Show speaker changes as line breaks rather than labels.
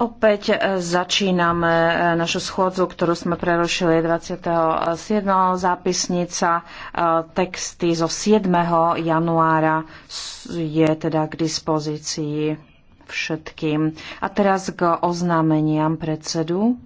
Opäť eh, začíname eh, našu schôdzu, ktorú sme prerušili 27. zápisnica. Eh, texty zo 7. januára je teda k dispozícii všetkým. A teraz k oznámeniam predsedu.